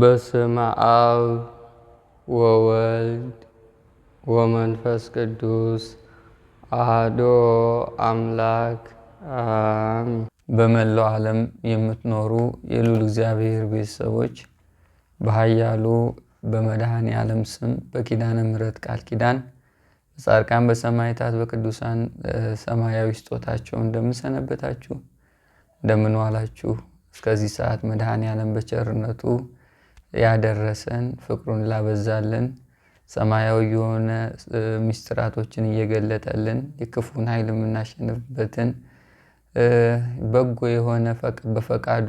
በስመ አብ ወወልድ ወመንፈስ ቅዱስ አህዶ አምላክ አሜን። በመላው ዓለም የምትኖሩ የሉል እግዚአብሔር ቤተሰቦች በኃያሉ በመድኃኔ ዓለም ስም በኪዳነ ምሕረት ቃል ኪዳን በጻድቃን በሰማዕታት በቅዱሳን ሰማያዊ ስጦታቸው እንደምንሰነበታችሁ እንደምንዋላችሁ እስከዚህ ሰዓት መድኃኔ ዓለም በቸርነቱ ያደረሰን ፍቅሩን ላበዛልን ሰማያዊ የሆነ ሚስጥራቶችን እየገለጠልን የክፉን ኃይል የምናሸንፍበትን በጎ የሆነ በፈቃዱ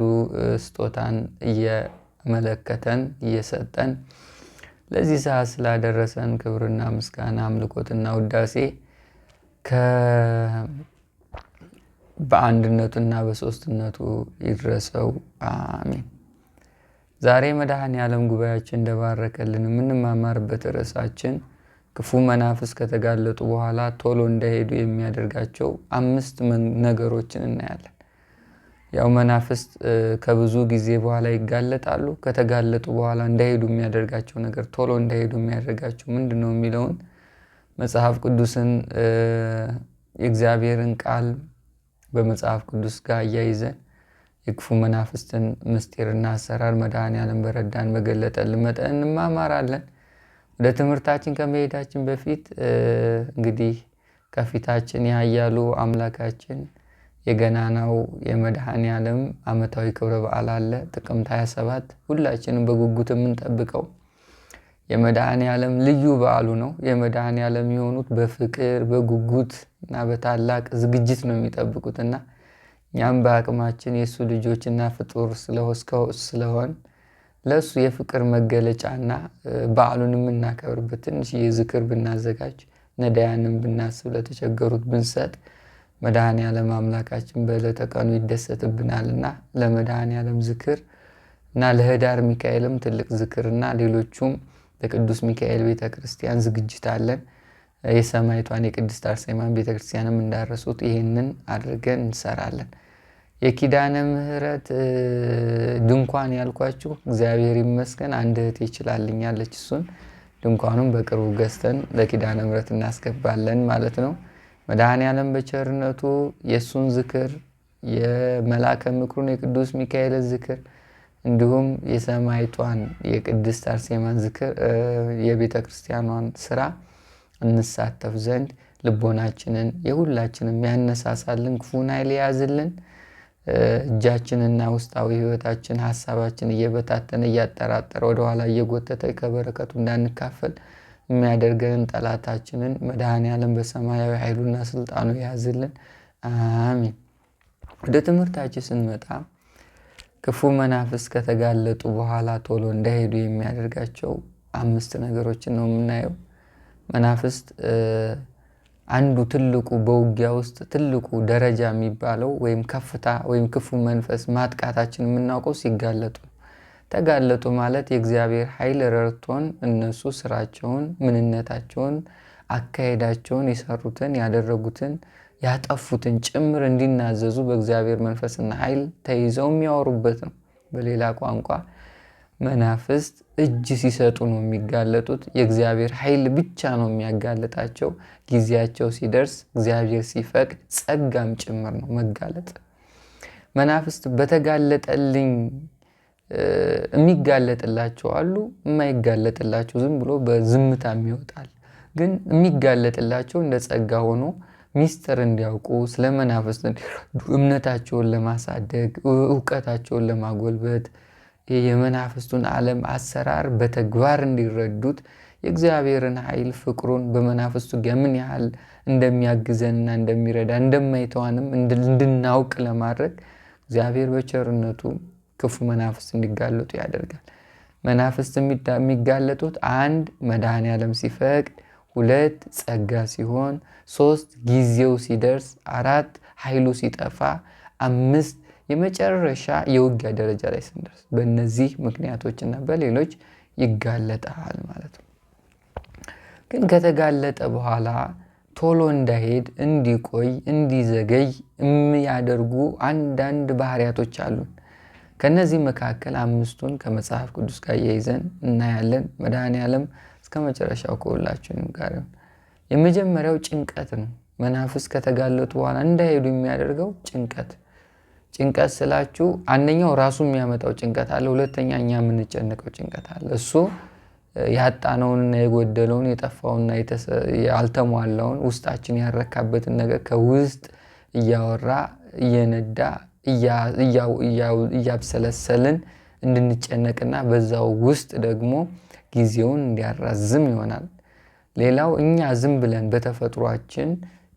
ስጦታን እየመለከተን እየሰጠን ለዚህ ሰዓት ስላደረሰን ክብርና ምስጋና አምልኮትና ውዳሴ በአንድነቱና በሶስትነቱ ይድረሰው። አሜን። ዛሬ መድኃኔ ዓለም ጉባኤያችን እንደባረከልን የምንማማርበት ርዕሳችን ክፉ መናፍስ ከተጋለጡ በኋላ ቶሎ እንዳይሄዱ የሚያደርጋቸው አምስት ነገሮችን እናያለን። ያው መናፍስ ከብዙ ጊዜ በኋላ ይጋለጣሉ። ከተጋለጡ በኋላ እንዳይሄዱ የሚያደርጋቸው ነገር ቶሎ እንዳይሄዱ የሚያደርጋቸው ምንድን ነው የሚለውን መጽሐፍ ቅዱስን የእግዚአብሔርን ቃል በመጽሐፍ ቅዱስ ጋር አያይዘን የክፉ መናፍስትን ምስጢርና አሰራር መድኃኔ ዓለም በረዳን በገለጠልን መጠን እንማማራለን። ወደ ትምህርታችን ከመሄዳችን በፊት እንግዲህ ከፊታችን ያያሉ አምላካችን የገናናው የመድኃኔ ዓለም ዓመታዊ ክብረ በዓል አለ። ጥቅምት 27 ሁላችንም በጉጉት የምንጠብቀው የመድኃኔ ዓለም ልዩ በዓሉ ነው። የመድኃኔ ዓለም የሆኑት በፍቅር በጉጉት እና በታላቅ ዝግጅት ነው የሚጠብቁትና እኛም በአቅማችን የእሱ ልጆችና ፍጡር ስለሆን ለእሱ የፍቅር መገለጫና በዓሉን የምናከብርበት ትንሽ ዝክር ብናዘጋጅ ነዳያንን ብናስብ ለተቸገሩት ብንሰጥ መድኃኔ ዓለም አምላካችን በዕለተ ቀኑ ይደሰትብናልና ለመድኃኔ ዓለም ዝክር እና ለህዳር ሚካኤልም ትልቅ ዝክርና ሌሎቹም ለቅዱስ ሚካኤል ቤተ ክርስቲያን ዝግጅት አለን። የሰማይቷን የቅድስት አርሴማን ቤተክርስቲያንም እንዳረሱት ይህንን አድርገን እንሰራለን። የኪዳነ ምሕረት ድንኳን ያልኳችሁ እግዚአብሔር ይመስገን አንድ እህት ይችላልኛለች። እሱን ድንኳኑን በቅርቡ ገዝተን ለኪዳነ ምሕረት እናስገባለን ማለት ነው። መድኃኔ ዓለም በቸርነቱ የእሱን ዝክር የመላከ ምክሩን የቅዱስ ሚካኤል ዝክር እንዲሁም የሰማዕቷን የቅድስት አርሴማን ዝክር የቤተ ክርስቲያኗን ስራ እንሳተፍ ዘንድ ልቦናችንን የሁላችንም ያነሳሳልን፣ ክፉን ኃይል የያዝልን፣ እጃችንና ውስጣዊ ህይወታችን ሀሳባችን እየበታተነ እያጠራጠረ ወደኋላ እየጎተተ ከበረከቱ እንዳንካፈል የሚያደርገንን ጠላታችንን መድኃኔ ዓለም በሰማያዊ ኃይሉና ስልጣኑ የያዝልን። አሚን። ወደ ትምህርታችን ስንመጣ ክፉ መናፍስ ከተጋለጡ በኋላ ቶሎ እንዳይሄዱ የሚያደርጋቸው አምስት ነገሮችን ነው የምናየው። መናፍስት አንዱ ትልቁ በውጊያ ውስጥ ትልቁ ደረጃ የሚባለው ወይም ከፍታ ወይም ክፉ መንፈስ ማጥቃታችን የምናውቀው ሲጋለጡ ተጋለጡ ማለት የእግዚአብሔር ኃይል ረርቶን እነሱ ስራቸውን፣ ምንነታቸውን፣ አካሄዳቸውን፣ የሰሩትን፣ ያደረጉትን፣ ያጠፉትን ጭምር እንዲናዘዙ በእግዚአብሔር መንፈስና ኃይል ተይዘው የሚያወሩበት ነው በሌላ ቋንቋ መናፍስት እጅ ሲሰጡ ነው የሚጋለጡት። የእግዚአብሔር ኃይል ብቻ ነው የሚያጋልጣቸው። ጊዜያቸው ሲደርስ እግዚአብሔር ሲፈቅድ ጸጋም ጭምር ነው መጋለጥ። መናፍስት በተጋለጠልኝ የሚጋለጥላቸው አሉ፣ የማይጋለጥላቸው ዝም ብሎ በዝምታም ይወጣል። ግን የሚጋለጥላቸው እንደ ጸጋ ሆኖ ሚስጥር እንዲያውቁ ስለ መናፍስት እምነታቸውን ለማሳደግ እውቀታቸውን ለማጎልበት የመናፍስቱን ዓለም አሰራር በተግባር እንዲረዱት የእግዚአብሔርን ኃይል ፍቅሩን በመናፍስቱ ምን ያህል እንደሚያግዘንና እንደሚረዳ እንደማይተዋንም እንድናውቅ ለማድረግ እግዚአብሔር በቸርነቱ ክፉ መናፍስት እንዲጋለጡ ያደርጋል። መናፍስት የሚጋለጡት አንድ መድኃኔ ዓለም ሲፈቅድ፣ ሁለት ጸጋ ሲሆን፣ ሶስት ጊዜው ሲደርስ፣ አራት ኃይሉ ሲጠፋ፣ አምስት የመጨረሻ የውጊያ ደረጃ ላይ ስንደርስ በእነዚህ ምክንያቶች በሌሎች ይጋለጣል ማለት ነው። ግን ከተጋለጠ በኋላ ቶሎ እንዳይሄድ፣ እንዲቆይ፣ እንዲዘገይ የሚያደርጉ አንዳንድ ባህሪያቶች አሉን። ከእነዚህ መካከል አምስቱን ከመጽሐፍ ቅዱስ ጋር እያይዘን እናያለን። መድኃኔ ዓለም እስከ መጨረሻው ከሁላችንም ጋር የመጀመሪያው ጭንቀት ነው። መናፍስ ከተጋለጡ በኋላ እንዳይሄዱ የሚያደርገው ጭንቀት ጭንቀት ስላችሁ አንደኛው ራሱ የሚያመጣው ጭንቀት አለ፣ ሁለተኛ እኛ የምንጨንቀው ጭንቀት አለ። እሱ ያጣነውንና የጎደለውን የጠፋውንና ያልተሟላውን ውስጣችን ያረካበትን ነገር ከውስጥ እያወራ እየነዳ እያብሰለሰልን እንድንጨነቅና በዛው ውስጥ ደግሞ ጊዜውን እንዲያራዝም ይሆናል። ሌላው እኛ ዝም ብለን በተፈጥሯችን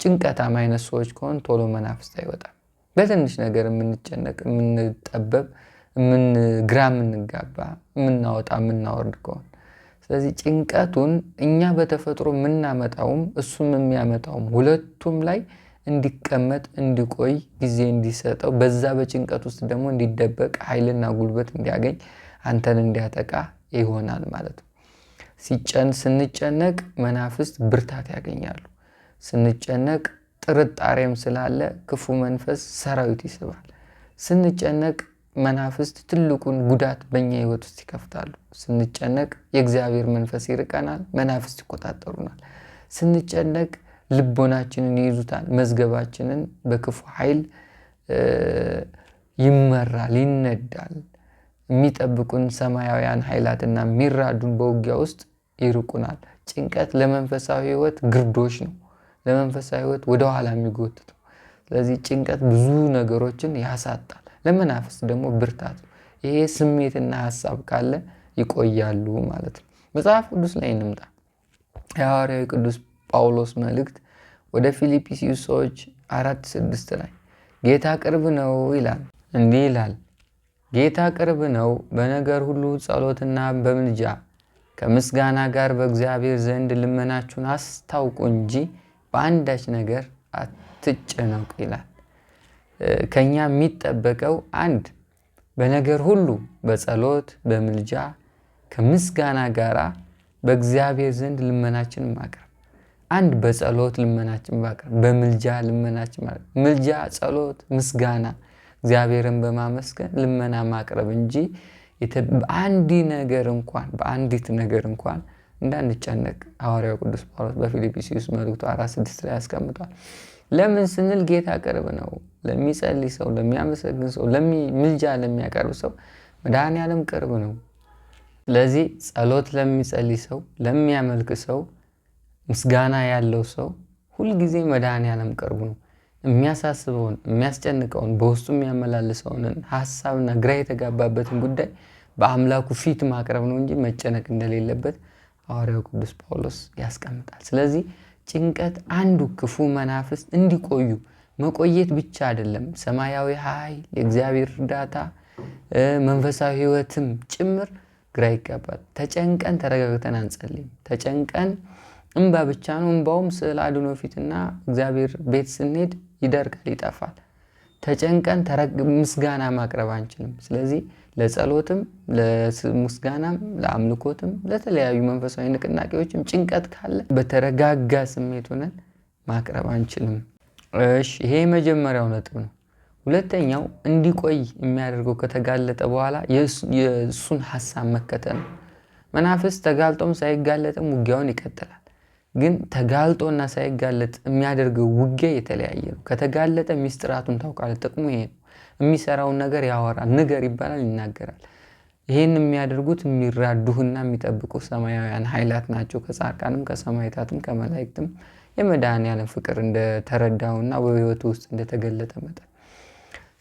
ጭንቀታም አይነት ሰዎች ከሆን ቶሎ መናፍስት አይወጣም። በትንሽ ነገር የምንጨነቅ፣ የምንጠበብ፣ ግራ የምንጋባ፣ የምናወጣ የምናወርድ ከሆን ስለዚህ ጭንቀቱን እኛ በተፈጥሮ የምናመጣውም እሱም የሚያመጣውም ሁለቱም ላይ እንዲቀመጥ እንዲቆይ ጊዜ እንዲሰጠው በዛ በጭንቀት ውስጥ ደግሞ እንዲደበቅ ኃይልና ጉልበት እንዲያገኝ አንተን እንዲያጠቃ ይሆናል ማለት ነው። ሲጨን ስንጨነቅ መናፍስት ብርታት ያገኛሉ። ስንጨነቅ ጥርጣሬም ስላለ ክፉ መንፈስ ሰራዊት ይስባል። ስንጨነቅ መናፍስት ትልቁን ጉዳት በእኛ ህይወት ውስጥ ይከፍታሉ። ስንጨነቅ የእግዚአብሔር መንፈስ ይርቀናል፣ መናፍስት ይቆጣጠሩናል። ስንጨነቅ ልቦናችንን ይይዙታል፣ መዝገባችንን በክፉ ኃይል ይመራል፣ ይነዳል። የሚጠብቁን ሰማያውያን ኃይላትና የሚራዱን በውጊያ ውስጥ ይርቁናል። ጭንቀት ለመንፈሳዊ ህይወት ግርዶች ነው። ለመንፈሳዊ ሕይወት ወደኋላ የሚጎትተው። ስለዚህ ጭንቀት ብዙ ነገሮችን ያሳጣል። ለመናፈስ ደግሞ ብርታት ነው። ይሄ ስሜትና ሀሳብ ካለ ይቆያሉ ማለት ነው። መጽሐፍ ቅዱስ ላይ እንምጣ። የሐዋርያዊ ቅዱስ ጳውሎስ መልእክት ወደ ፊልጵስዩስ ሰዎች አራት ስድስት ላይ ጌታ ቅርብ ነው ይላል። እንዲህ ይላል፣ ጌታ ቅርብ ነው። በነገር ሁሉ ጸሎትና በምልጃ ከምስጋና ጋር በእግዚአብሔር ዘንድ ልመናችሁን አስታውቁ እንጂ በአንዳች ነገር አትጨነቁ ይላል። ከኛ የሚጠበቀው አንድ በነገር ሁሉ በጸሎት በምልጃ ከምስጋና ጋራ በእግዚአብሔር ዘንድ ልመናችን ማቅረብ አንድ በጸሎት ልመናችን ማቅረብ በምልጃ ልመናችን ማቅረብ ምልጃ፣ ጸሎት፣ ምስጋና እግዚአብሔርን በማመስገን ልመና ማቅረብ እንጂ በአንዲ ነገር እንኳን በአንዲት ነገር እንኳን እንዳንጨነቅ ሐዋርያው ቅዱስ ጳውሎስ በፊልጵስዩስ መልእክቱ አራት ስድስት ላይ ያስቀምጧል። ለምን ስንል ጌታ ቅርብ ነው። ለሚጸልይ ሰው፣ ለሚያመሰግን ሰው፣ ምልጃ ለሚያቀርብ ሰው መድኃኔ ቅርብ ነው። ስለዚህ ጸሎት ለሚጸልይ ሰው፣ ለሚያመልክ ሰው፣ ምስጋና ያለው ሰው ሁልጊዜ መድኃኔ ዓለም ቅርቡ ነው። የሚያሳስበውን የሚያስጨንቀውን በውስጡ የሚያመላልሰውንን ሀሳብና ግራ የተጋባበትን ጉዳይ በአምላኩ ፊት ማቅረብ ነው እንጂ መጨነቅ እንደሌለበት ሐዋርያው ቅዱስ ጳውሎስ ያስቀምጣል። ስለዚህ ጭንቀት አንዱ ክፉ መናፍስ እንዲቆዩ መቆየት ብቻ አይደለም፣ ሰማያዊ ኃይል፣ የእግዚአብሔር እርዳታ፣ መንፈሳዊ ሕይወትም ጭምር ግራ ይጋባል። ተጨንቀን ተረጋግተን አንጸልይም። ተጨንቀን እንባ ብቻ ነው። እንባውም ስዕል አድኖ ፊትና እግዚአብሔር ቤት ስንሄድ ይደርቃል፣ ይጠፋል። ተጨንቀን ምስጋና ማቅረብ አንችልም። ስለዚህ ለጸሎትም ለምስጋናም ለአምልኮትም ለተለያዩ መንፈሳዊ ንቅናቄዎችም ጭንቀት ካለ በተረጋጋ ስሜት ሆነን ማቅረብ አንችልም። እሺ ይሄ የመጀመሪያው ነጥብ ነው። ሁለተኛው እንዲቆይ የሚያደርገው ከተጋለጠ በኋላ የእሱን ሀሳብ መከተል ነው። መናፍስት ተጋልጦም ሳይጋለጥም ውጊያውን ይቀጥላል። ግን ተጋልጦና ሳይጋለጥ የሚያደርገው ውጊያ የተለያየ ነው። ከተጋለጠ ሚስጥራቱን ታውቃለህ። ጥቅሙ ይሄ ነው። የሚሰራውን ነገር ያወራል። ንገር ይባላል፣ ይናገራል። ይህን የሚያደርጉት የሚራዱህና የሚጠብቁ ሰማያውያን ኃይላት ናቸው። ከጻድቃንም ከሰማዕታትም ከመላእክትም የመድኃኔዓለም ፍቅር እንደተረዳውና በህይወቱ ውስጥ እንደተገለጠ መጠን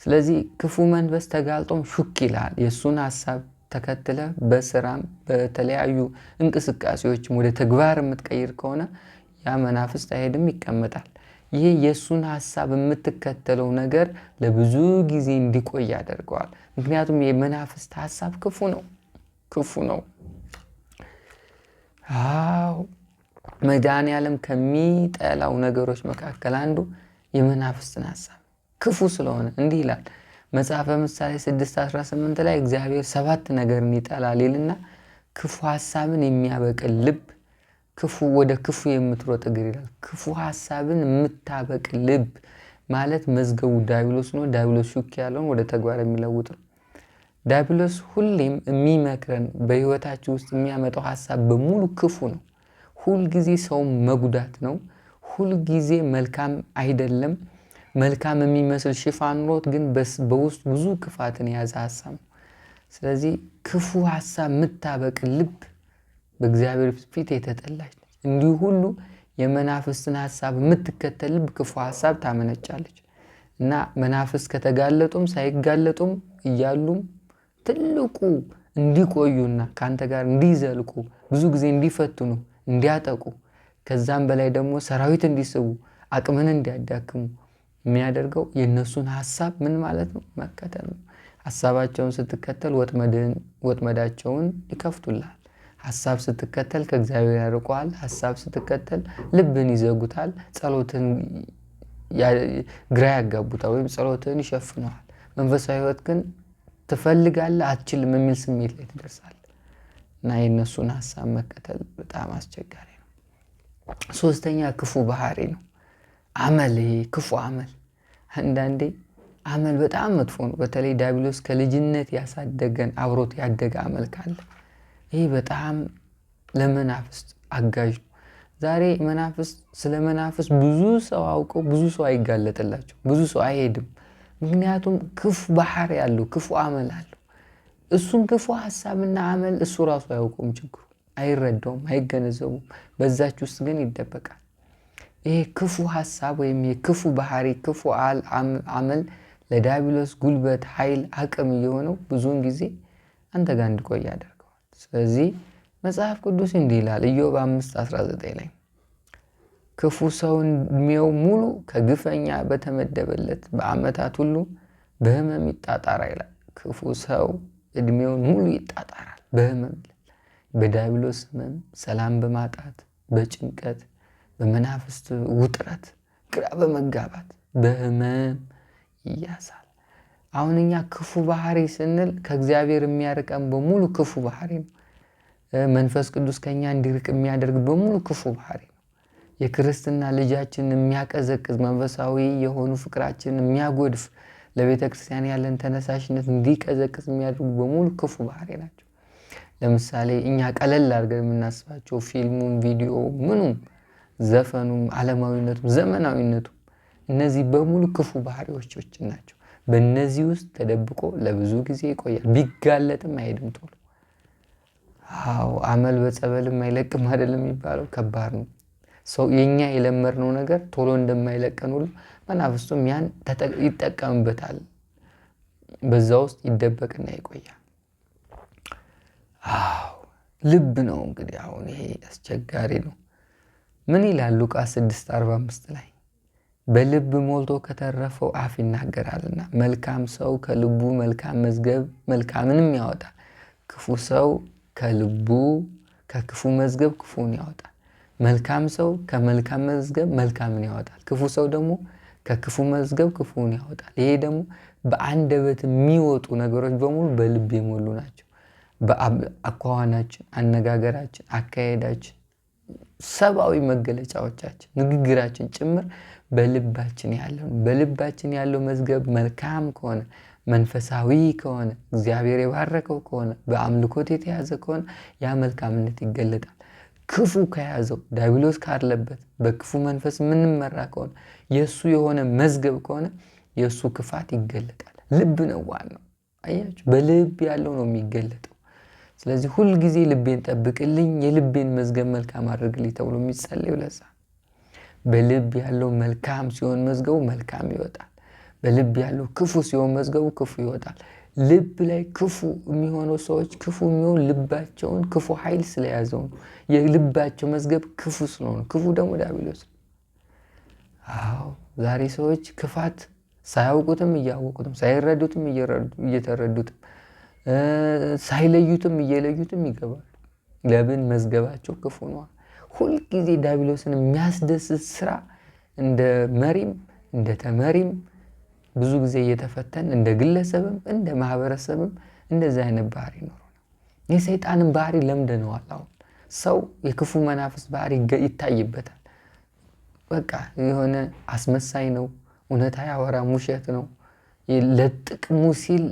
ስለዚህ ክፉ መንፈስ ተጋልጦም ሹክ ይላል የእሱን ሀሳብ ተከትለ በስራም በተለያዩ እንቅስቃሴዎችም ወደ ተግባር የምትቀይር ከሆነ ያ መናፍስት አይሄድም፣ ይቀመጣል። ይህ የእሱን ሀሳብ የምትከተለው ነገር ለብዙ ጊዜ እንዲቆይ ያደርገዋል። ምክንያቱም የመናፍስት ሀሳብ ክፉ ነው፣ ክፉ ነው። አዎ መድኃኔዓለም ከሚጠላው ነገሮች መካከል አንዱ የመናፍስትን ሀሳብ ክፉ ስለሆነ እንዲህ ይላል መጽሐፈ ምሳሌ 6፥18 ላይ እግዚአብሔር ሰባት ነገርን ይጠላል ይልና ክፉ ሀሳብን የሚያበቅል ልብ ክፉ ወደ ክፉ የምትሮጥ እግር ይላል። ክፉ ሀሳብን የምታበቅ ልብ ማለት መዝገቡ ዳቢሎስ ነው። ዳይብሎስ ሹክ ያለውን ወደ ተግባር የሚለውጥ ነው። ዳቢሎስ ሁሌም የሚመክረን በህይወታችን ውስጥ የሚያመጣው ሀሳብ በሙሉ ክፉ ነው። ሁልጊዜ ሰውን መጉዳት ነው። ሁልጊዜ መልካም አይደለም። መልካም የሚመስል ሽፋን ኖሮት ግን በውስጥ ብዙ ክፋትን የያዘ ሀሳብ ነው። ስለዚህ ክፉ ሀሳብ የምታበቅ ልብ በእግዚአብሔር ፊት የተጠላች ነች። እንዲሁ ሁሉ የመናፍስትን ሀሳብ የምትከተል ልብ ክፉ ሀሳብ ታመነጫለች እና መናፍስት ከተጋለጡም ሳይጋለጡም እያሉም ትልቁ እንዲቆዩና ከአንተ ጋር እንዲዘልቁ ብዙ ጊዜ እንዲፈትኑ እንዲያጠቁ ከዛም በላይ ደግሞ ሰራዊት እንዲስቡ አቅምን እንዲያዳክሙ የሚያደርገው የእነሱን ሀሳብ ምን ማለት ነው? መከተል ነው። ሀሳባቸውን ስትከተል ወጥመዳቸውን ይከፍቱላል ሀሳብ ስትከተል ከእግዚአብሔር ያርቀዋል። ሀሳብ ስትከተል ልብን ይዘጉታል። ጸሎትን ግራ ያጋቡታል ወይም ጸሎትን ይሸፍነዋል። መንፈሳዊ ህይወት ግን ትፈልጋለህ አትችልም የሚል ስሜት ላይ ትደርሳለህ እና የእነሱን ሀሳብ መከተል በጣም አስቸጋሪ ነው። ሶስተኛ ክፉ ባህሪ ነው አመል። ይሄ ክፉ አመል አንዳንዴ አመል በጣም መጥፎ ነው። በተለይ ዲያብሎስ ከልጅነት ያሳደገን አብሮት ያደገ አመል ካለ ይህ በጣም ለመናፍስት አጋዥ ነው። ዛሬ መናፍስት ስለ መናፍስት ብዙ ሰው አውቀው ብዙ ሰው አይጋለጥላቸው፣ ብዙ ሰው አይሄድም። ምክንያቱም ክፉ ባህሪ ያለው ክፉ አመል አለው። እሱን ክፉ ሀሳብና አመል እሱ ራሱ አያውቀውም። ችግሩ አይረዳውም፣ አይገነዘቡም። በዛች ውስጥ ግን ይደበቃል። ይሄ ክፉ ሀሳብ ወይም የክፉ ባህሪ ክፉ አመል ለዲያብሎስ ጉልበት፣ ኃይል፣ አቅም እየሆነው ብዙውን ጊዜ አንተ ጋር እንድቆያደ ስለዚህ መጽሐፍ ቅዱስ እንዲህ ይላል ኢዮብ 5:19 ላይ ክፉ ሰው እድሜው ሙሉ ከግፈኛ በተመደበለት በአመታት ሁሉ በህመም ይጣጣራ ይላል። ክፉ ሰው እድሜውን ሙሉ ይጣጣራል በህመም በዲያብሎስ ህመም፣ ሰላም በማጣት በጭንቀት፣ በመናፍስት ውጥረት፣ ግራ በመጋባት በህመም ይያሳል። አሁን እኛ ክፉ ባህሪ ስንል ከእግዚአብሔር የሚያርቀን በሙሉ ክፉ ባህሪ ነው። መንፈስ ቅዱስ ከኛ እንዲርቅ የሚያደርግ በሙሉ ክፉ ባህሪ ነው። የክርስትና ልጃችን የሚያቀዘቅዝ መንፈሳዊ የሆኑ ፍቅራችን የሚያጎድፍ ለቤተ ክርስቲያን ያለን ተነሳሽነት እንዲቀዘቅዝ የሚያደርጉ በሙሉ ክፉ ባህሪ ናቸው። ለምሳሌ እኛ ቀለል አድርገን የምናስባቸው ፊልሙም፣ ቪዲዮ፣ ምኑም፣ ዘፈኑም፣ ዓለማዊነቱም፣ ዘመናዊነቱም እነዚህ በሙሉ ክፉ ባህሪዎች ናቸው። በእነዚህ ውስጥ ተደብቆ ለብዙ ጊዜ ይቆያል። ቢጋለጥም አይሄድም ቶሎ። አዎ አመል በጸበልም አይለቅም አይደለም የሚባለው። ከባድ ነው። ሰው የኛ የለመድነው ነገር ቶሎ እንደማይለቀን ሁሉ መናፍስቱም ያን ይጠቀምበታል። በዛ ውስጥ ይደበቅና ይቆያል። አዎ ልብ ነው እንግዲህ አሁን ይሄ አስቸጋሪ ነው። ምን ይላል ሉቃስ 6 45 ላይ በልብ ሞልቶ ከተረፈው አፍ ይናገራልና። መልካም ሰው ከልቡ መልካም መዝገብ መልካምንም ያወጣል፣ ክፉ ሰው ከልቡ ከክፉ መዝገብ ክፉን ያወጣል። መልካም ሰው ከመልካም መዝገብ መልካምን ያወጣል፣ ክፉ ሰው ደግሞ ከክፉ መዝገብ ክፉን ያወጣል። ይሄ ደግሞ በአንደበት የሚወጡ ነገሮች በሙሉ በልብ የሞሉ ናቸው። በአኳኋናችን፣ አነጋገራችን፣ አካሄዳችን፣ ሰብአዊ መገለጫዎቻችን፣ ንግግራችን ጭምር በልባችን ያለው በልባችን ያለው መዝገብ መልካም ከሆነ መንፈሳዊ ከሆነ እግዚአብሔር የባረከው ከሆነ በአምልኮት የተያዘ ከሆነ ያ መልካምነት ይገለጣል። ክፉ ከያዘው ዳቢሎስ ካለበት በክፉ መንፈስ የምንመራ ከሆነ የእሱ የሆነ መዝገብ ከሆነ የእሱ ክፋት ይገለጣል። ልብ ነው ዋናው። አያችሁ፣ በልብ ያለው ነው የሚገለጠው። ስለዚህ ሁልጊዜ ልቤን ጠብቅልኝ፣ የልቤን መዝገብ መልካም አድርግልኝ ተብሎ የሚጸለይ ለዛ በልብ ያለው መልካም ሲሆን መዝገቡ መልካም ይወጣል። በልብ ያለው ክፉ ሲሆን መዝገቡ ክፉ ይወጣል። ልብ ላይ ክፉ የሚሆነው ሰዎች ክፉ የሚሆን ልባቸውን ክፉ ኃይል ስለያዘው ነው። የልባቸው መዝገብ ክፉ ስለሆነ፣ ክፉ ደግሞ ዲያብሎስ ነው። አዎ ዛሬ ሰዎች ክፋት ሳያውቁትም እያወቁትም ሳይረዱትም እየተረዱትም ሳይለዩትም እየለዩትም ይገባሉ። ለምን? መዝገባቸው ክፉ ነዋል። ሁልጊዜ ዲያብሎስን የሚያስደስት ስራ እንደ መሪም እንደ ተመሪም ብዙ ጊዜ እየተፈተን እንደ ግለሰብም እንደ ማህበረሰብም እንደዚህ አይነት ባህሪ ነው። የሰይጣንን ባህሪ ለምደነዋል። አሁን ሰው የክፉ መናፍስ ባህሪ ይታይበታል። በቃ የሆነ አስመሳይ ነው፣ እውነታ ያወራም ውሸት ነው። ለጥቅሙ ሲል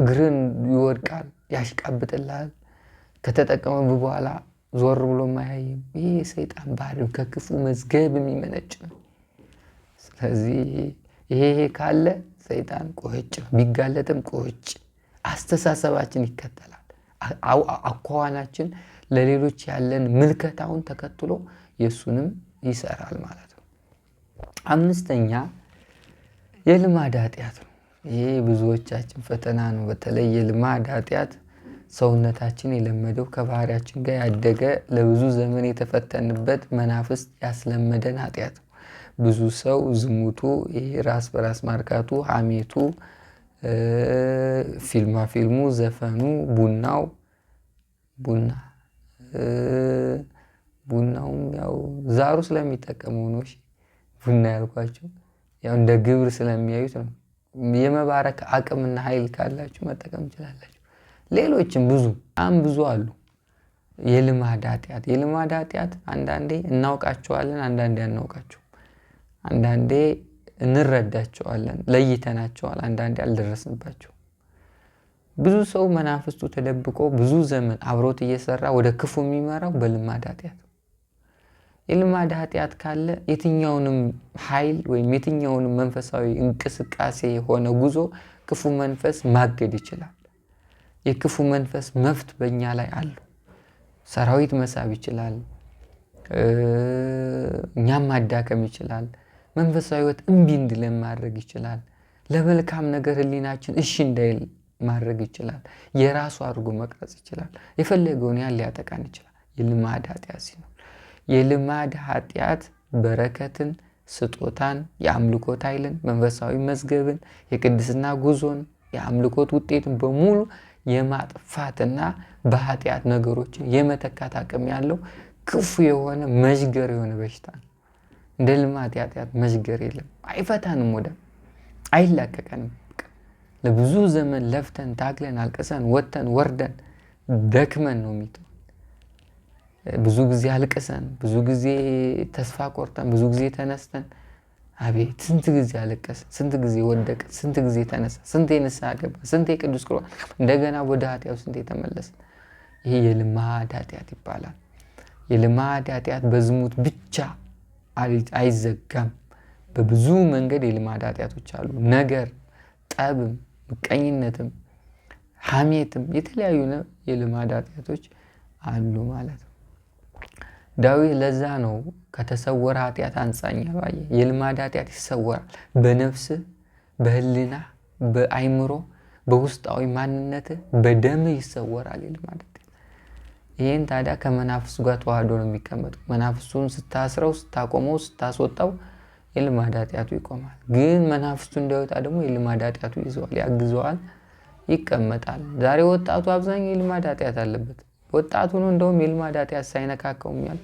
እግርን ይወድቃል፣ ያሽቃብጥልሃል ከተጠቀመብ በኋላ ዞር ብሎ ማያይም ይህ የሰይጣን ባህሪ ከክፉ መዝገብ የሚመነጭ ነው። ስለዚህ ይሄ ይሄ ካለ ሰይጣን ቁጭ ነው። ቢጋለጥም ቁጭ አስተሳሰባችን ይከተላል። አኳኋናችን ለሌሎች ያለን ምልከታውን ተከትሎ የእሱንም ይሰራል ማለት ነው። አምስተኛ የልማድ ኃጢአት ነው። ይሄ ብዙዎቻችን ፈተና ነው። በተለይ የልማድ ኃጢአት ሰውነታችን የለመደው ከባህሪያችን ጋር ያደገ ለብዙ ዘመን የተፈተንበት መናፍስት ያስለመደን ኃጢአት ነው። ብዙ ሰው ዝሙቱ፣ ራስ በራስ ማርካቱ፣ ሐሜቱ፣ ፊልማ ፊልሙ፣ ዘፈኑ፣ ቡናው ቡና ቡናውም ያው ዛሩ ስለሚጠቀመው ነው። ቡና ያልኳቸው ያው እንደ ግብር ስለሚያዩት ነው። የመባረክ አቅምና ኃይል ካላችሁ መጠቀም ትችላላችሁ። ሌሎችም ብዙ በጣም ብዙ አሉ። የልማድ ኃጢአት የልማድ ኃጢአት አንዳንዴ እናውቃቸዋለን፣ አንዳንዴ አናውቃቸውም። አንዳንዴ እንረዳቸዋለን፣ ለይተናቸዋል፣ አንዳንዴ አልደረስንባቸው። ብዙ ሰው መናፍስቱ ተደብቆ ብዙ ዘመን አብሮት እየሰራ ወደ ክፉ የሚመራው በልማድ ኃጢአት። የልማድ ኃጢአት ካለ የትኛውንም ኃይል ወይም የትኛውንም መንፈሳዊ እንቅስቃሴ የሆነ ጉዞ ክፉ መንፈስ ማገድ ይችላል። የክፉ መንፈስ መፍት በእኛ ላይ አሉ። ሰራዊት መሳብ ይችላል፣ እኛም ማዳከም ይችላል። መንፈሳዊ ህይወት እምቢ እንድለን ማድረግ ይችላል። ለመልካም ነገር ህሊናችን እሺ እንዳይል ማድረግ ይችላል። የራሱ አድርጎ መቅረጽ ይችላል። የፈለገውን ያህል ሊያጠቃን ይችላል። የልማድ ኃጢአት ሲኖር የልማድ ኃጢአት በረከትን፣ ስጦታን፣ የአምልኮት ኃይልን፣ መንፈሳዊ መዝገብን፣ የቅድስና ጉዞን፣ የአምልኮት ውጤትን በሙሉ የማጥፋትና በኃጢአት ነገሮችን የመተካት አቅም ያለው ክፉ የሆነ መዥገር የሆነ በሽታ ነው። እንደ ልማት የኃጢአት መዥገር የለም። አይፈታንም፣ ወደ አይላቀቀንም። ለብዙ ዘመን ለፍተን ታግለን አልቅሰን ወጥተን ወርደን ደክመን ነው የሚተው። ብዙ ጊዜ አልቅሰን፣ ብዙ ጊዜ ተስፋ ቆርጠን፣ ብዙ ጊዜ ተነስተን አቤት ስንት ጊዜ አለቀሰ፣ ስንት ጊዜ ወደቀ፣ ስንት ጊዜ ተነሳ፣ ስንቴ ንስሐ ገባ፣ ስንቴ ቅዱስ ቁርባን እንደገና ወደ ኃጢያው ስንቴ ተመለሰ። ይሄ የልማድ ኃጢአት ይባላል። የልማድ ኃጢአት በዝሙት ብቻ አይዘጋም። በብዙ መንገድ የልማድ ኃጢአቶች አሉ። ነገር፣ ጠብም፣ ምቀኝነትም፣ ሐሜትም የተለያዩ የልማድ ኃጢአቶች አሉ ማለት ነው። ዳዊት ለዛ ነው ከተሰወረ ኃጢአት አንጻኛ ባየ የልማድ ኃጢአት ይሰወራል። በነፍስ በህልና፣ በአይምሮ፣ በውስጣዊ ማንነት በደም ይሰወራል የልማድ ኃጢአት። ይህን ታዲያ ከመናፍስ ጋር ተዋህዶ ነው የሚቀመጠው። መናፍሱን ስታስረው፣ ስታቆመው፣ ስታስወጣው የልማድ ኃጢአቱ ይቆማል። ግን መናፍስቱ እንዳይወጣ ደግሞ የልማድ ኃጢአቱ ይዘዋል፣ ያግዘዋል፣ ይቀመጣል። ዛሬ ወጣቱ አብዛኛው የልማድ ኃጢአት አለበት። ወጣት ሆኖ እንደውም የልማ ኃጢአት ሳይነካከው የሚያል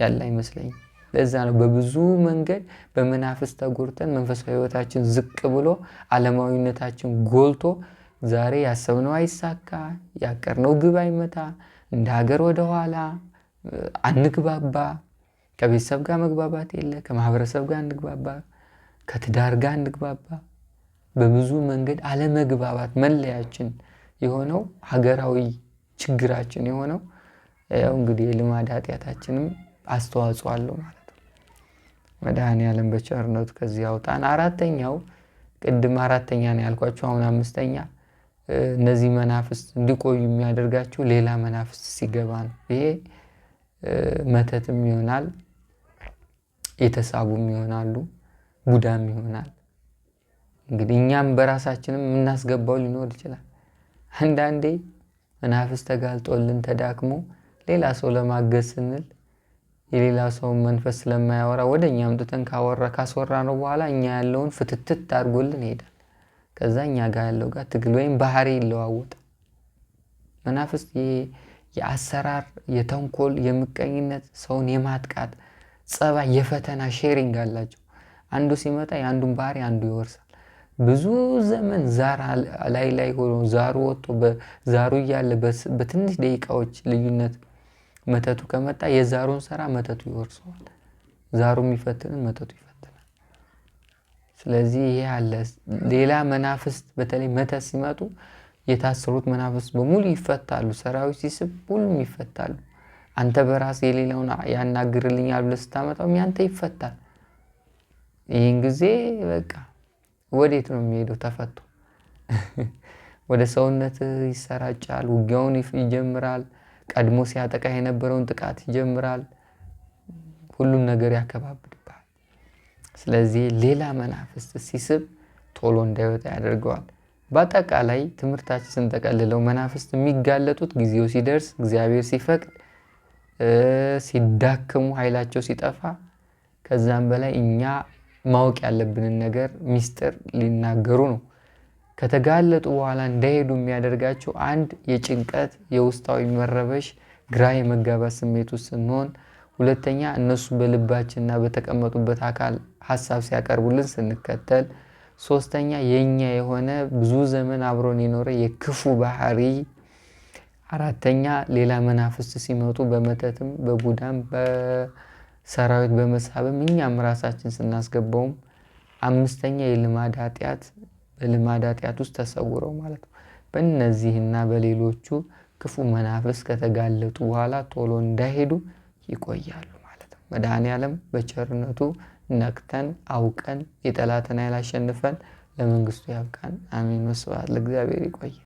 ያለ አይመስለኝ። ለዛ ነው በብዙ መንገድ በመናፍስ ተጎርተን መንፈሳዊ ህይወታችን ዝቅ ብሎ አለማዊነታችን ጎልቶ ዛሬ ያሰብነው አይሳካ፣ ያቀርነው ግብ አይመታ፣ እንደ ሀገር ወደኋላ አንግባባ፣ ከቤተሰብ ጋር መግባባት የለ፣ ከማህበረሰብ ጋር አንግባባ፣ ከትዳር ጋር አንግባባ። በብዙ መንገድ አለመግባባት መለያችን የሆነው ሀገራዊ ችግራችን የሆነው ያው እንግዲህ የልማድ ኃጢአታችንም አስተዋጽኦ አለው ማለት ነው። መድኃኔዓለም በቸርነቱ ከዚህ አውጣን። አራተኛው ቅድም አራተኛ ነው ያልኳቸው፣ አሁን አምስተኛ እነዚህ መናፍስት እንዲቆዩ የሚያደርጋቸው ሌላ መናፍስት ሲገባ ነው። ይሄ መተትም ይሆናል፣ የተሳቡም ይሆናሉ፣ ጉዳም ይሆናል። እንግዲህ እኛም በራሳችንም የምናስገባው ሊኖር ይችላል አንዳንዴ መናፍስ ተጋልጦልን ተዳክሞ ሌላ ሰው ለማገዝ ስንል የሌላ ሰውን መንፈስ ስለማያወራ ወደ እኛ አምጥተን ካወራ ካስወራ ነው በኋላ እኛ ያለውን ፍትትት አድርጎልን ይሄዳል። ከዛ እኛ ጋር ያለው ጋር ትግል ወይም ባህሪ ይለዋወጣል። መናፍስ የአሰራር፣ የተንኮል፣ የምቀኝነት፣ ሰውን የማጥቃት ጸባይ፣ የፈተና ሼሪንግ አላቸው። አንዱ ሲመጣ የአንዱን ባህሪ አንዱ ይወርሳል። ብዙ ዘመን ዛር ላይ ላይ ሆኖ ዛሩ ወጥቶ ዛሩ እያለ በትንሽ ደቂቃዎች ልዩነት መተቱ ከመጣ የዛሩን ስራ መተቱ ይወርሰዋል። ዛሩ የሚፈትንን መተቱ ይፈትናል። ስለዚህ ይሄ አለ። ሌላ መናፍስት በተለይ መተት ሲመጡ የታሰሩት መናፍስት በሙሉ ይፈታሉ። ሰራዊ ሲስብ ሁሉም ይፈታሉ። አንተ በራስ የሌላውን ያናግርልኛል ብለህ ስታመጣውም ያንተ ይፈታል። ይህን ጊዜ በቃ ወዴት ነው የሚሄደው? ተፈቶ ወደ ሰውነት ይሰራጫል። ውጊያውን ይጀምራል። ቀድሞ ሲያጠቃ የነበረውን ጥቃት ይጀምራል። ሁሉም ነገር ያከባብድብሃል። ስለዚህ ሌላ መናፍስት ሲስብ ቶሎ እንዳይወጣ ያደርገዋል። በአጠቃላይ ትምህርታችን ስንጠቀልለው መናፍስት የሚጋለጡት ጊዜው ሲደርስ፣ እግዚአብሔር ሲፈቅድ፣ ሲዳክሙ ኃይላቸው ሲጠፋ ከዛም በላይ እኛ ማወቅ ያለብንን ነገር ሚስጥር ሊናገሩ ነው። ከተጋለጡ በኋላ እንዳይሄዱ የሚያደርጋቸው አንድ የጭንቀት የውስጣዊ መረበሽ፣ ግራ የመጋባት ስሜት ውስጥ ስንሆን፣ ሁለተኛ እነሱ በልባችንና በተቀመጡበት አካል ሀሳብ ሲያቀርቡልን ስንከተል፣ ሶስተኛ የእኛ የሆነ ብዙ ዘመን አብሮን የኖረ የክፉ ባህሪ፣ አራተኛ ሌላ መናፍስት ሲመጡ በመተትም በቡዳም ሰራዊት በመሳብም እኛም ራሳችን ስናስገባውም አምስተኛ የልማድ ኃጢአት በልማድ ኃጢአት ውስጥ ተሰውረው ማለት ነው። በእነዚህና በሌሎቹ ክፉ መናፍስ ከተጋለጡ በኋላ ቶሎ እንዳይሄዱ ይቆያሉ ማለት ነው። መድኃኔ ዓለም በቸርነቱ ነክተን አውቀን የጠላትን ኃይል አሸንፈን ለመንግስቱ ያብቃን። አሚን። ወስብሐት ለእግዚአብሔር። ይቆያል።